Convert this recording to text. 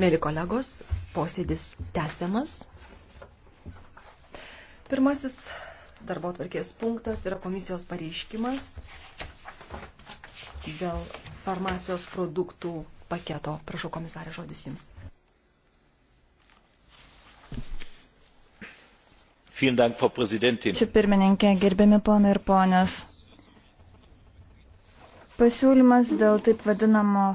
Mėly kolegos, posėdis tęsiamas. Pirmasis darbo tvarkės punktas yra komisijos pareiškimas dėl farmacijos produktų paketo. Prašau, komisarė, žodis jums. Čia pirmininkė, gerbiami ponai ir ponės. Pasiūlymas dėl taip vadinamo